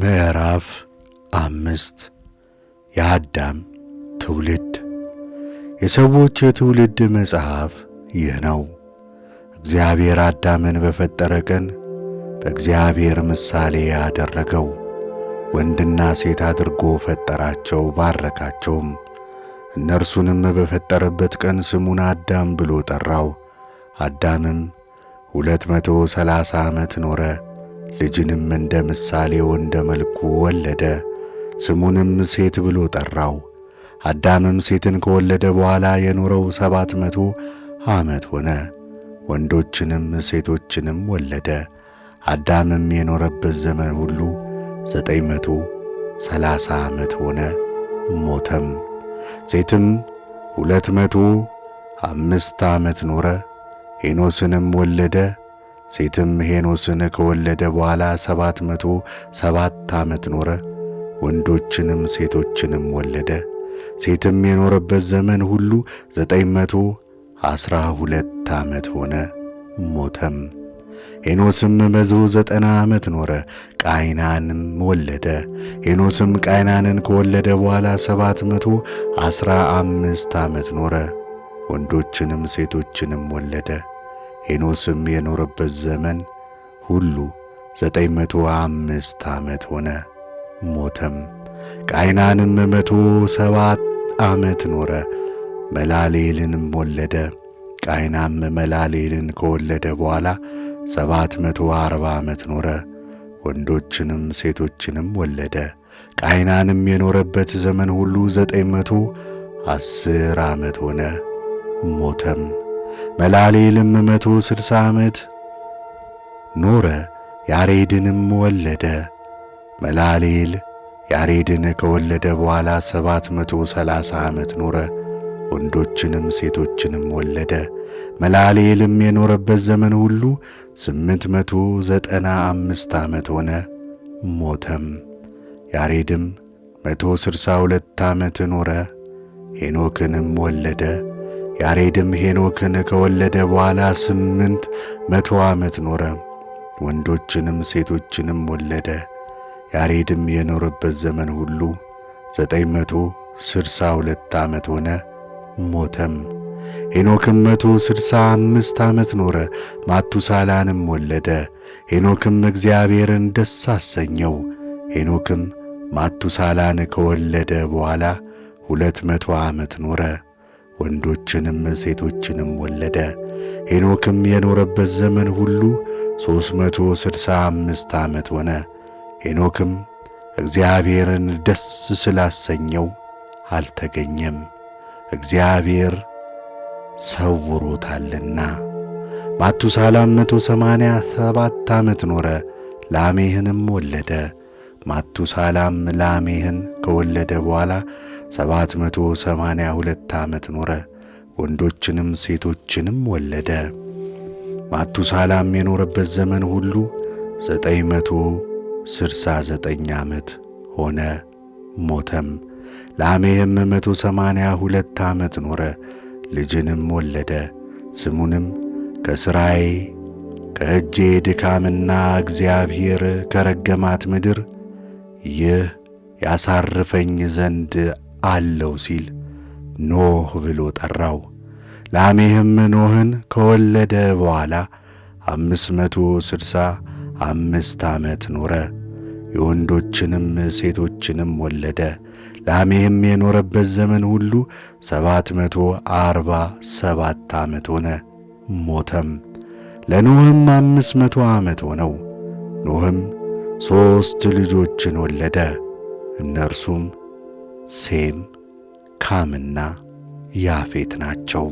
ምዕራፍ አምስት የአዳም ትውልድ የሰዎች የትውልድ መጽሐፍ ይህ ነው። እግዚአብሔር አዳምን በፈጠረ ቀን በእግዚአብሔር ምሳሌ ያደረገው ወንድና ሴት አድርጎ ፈጠራቸው፣ ባረካቸውም። እነርሱንም በፈጠረበት ቀን ስሙን አዳም ብሎ ጠራው። አዳምም ሁለት መቶ ሰላሳ ዓመት ኖረ። ልጅንም እንደ ምሳሌው እንደ መልኩ ወለደ፣ ስሙንም ሴት ብሎ ጠራው። አዳምም ሴትን ከወለደ በኋላ የኖረው ሰባት መቶ ዓመት ሆነ። ወንዶችንም ሴቶችንም ወለደ። አዳምም የኖረበት ዘመን ሁሉ ዘጠኝ መቶ ሰላሳ ዓመት ሆነ፣ ሞተም። ሴትም ሁለት መቶ አምስት ዓመት ኖረ፣ ሄኖስንም ወለደ። ሴትም ሄኖስን ከወለደ በኋላ ሰባት መቶ ሰባት ዓመት ኖረ፣ ወንዶችንም ሴቶችንም ወለደ። ሴትም የኖረበት ዘመን ሁሉ ዘጠኝ መቶ ዐሥራ ሁለት ዓመት ሆነ፣ ሞተም። ሄኖስም መቶ ዘጠና ዓመት ኖረ፣ ቃይናንም ወለደ። ሄኖስም ቃይናንን ከወለደ በኋላ ሰባት መቶ ዐሥራ አምስት ዓመት ኖረ፣ ወንዶችንም ሴቶችንም ወለደ። ሄኖስም የኖረበት ዘመን ሁሉ ዘጠኝ መቶ አምስት ዓመት ሆነ፣ ሞተም። ቃይናንም መቶ ሰባት ዓመት ኖረ፣ መላሌልንም ወለደ። ቃይናም መላሌልን ከወለደ በኋላ ሰባት መቶ አርባ ዓመት ኖረ፣ ወንዶችንም ሴቶችንም ወለደ። ቃይናንም የኖረበት ዘመን ሁሉ ዘጠኝ መቶ አስር ዓመት ሆነ፣ ሞተም። መላሌልም መቶ ስድሳ ዓመት ኖረ፣ ያሬድንም ወለደ። መላሌል ያሬድን ከወለደ በኋላ ሰባት መቶ ሰላሳ ዓመት ኖረ፣ ወንዶችንም ሴቶችንም ወለደ። መላሌልም የኖረበት ዘመን ሁሉ ስምንት መቶ ዘጠና አምስት ዓመት ሆነ፣ ሞተም። ያሬድም መቶ ስድሳ ሁለት ዓመት ኖረ፣ ሄኖክንም ወለደ። ያሬድም ሄኖክን ከወለደ በኋላ ስምንት መቶ ዓመት ኖረ፣ ወንዶችንም ሴቶችንም ወለደ። ያሬድም የኖረበት ዘመን ሁሉ ዘጠኝ መቶ ስድሳ ሁለት ዓመት ሆነ፣ ሞተም። ሄኖክም መቶ ስድሳ አምስት ዓመት ኖረ፣ ማቱሳላንም ወለደ። ሄኖክም እግዚአብሔርን ደስ አሰኘው። ሄኖክም ማቱሳላን ከወለደ በኋላ ሁለት መቶ ዓመት ኖረ። ወንዶችንም ሴቶችንም ወለደ። ሄኖክም የኖረበት ዘመን ሁሉ 365 ዓመት ሆነ። ሄኖክም እግዚአብሔርን ደስ ስላሰኘው አልተገኘም፣ እግዚአብሔር ሰውሮታልና። ማቱሳላም 187 ዓመት ኖረ፣ ላሜህንም ወለደ። ማቱሳላም ላሜህን ከወለደ በኋላ ሰባት መቶ ሰማንያ ሁለት ዓመት ኖረ፣ ወንዶችንም ሴቶችንም ወለደ። ማቱሳላም የኖረበት ዘመን ሁሉ ዘጠኝ መቶ ስድሳ ዘጠኝ ዓመት ሆነ፣ ሞተም። ላሜህም መቶ ሰማንያ ሁለት ዓመት ኖረ፣ ልጅንም ወለደ። ስሙንም ከሥራዬ ከእጄ ድካምና እግዚአብሔር ከረገማት ምድር ይህ ያሳርፈኝ ዘንድ አለው ሲል ኖህ ብሎ ጠራው። ላሜህም ኖህን ከወለደ በኋላ አምስት መቶ ስድሳ አምስት ዓመት ኖረ። የወንዶችንም ሴቶችንም ወለደ። ላሜህም የኖረበት ዘመን ሁሉ ሰባት መቶ አርባ ሰባት ዓመት ሆነ፣ ሞተም። ለኖህም አምስት መቶ ዓመት ሆነው። ኖህም ሦስት ልጆችን ወለደ። እነርሱም ሴም፣ ካምና ያፌት ናቸው።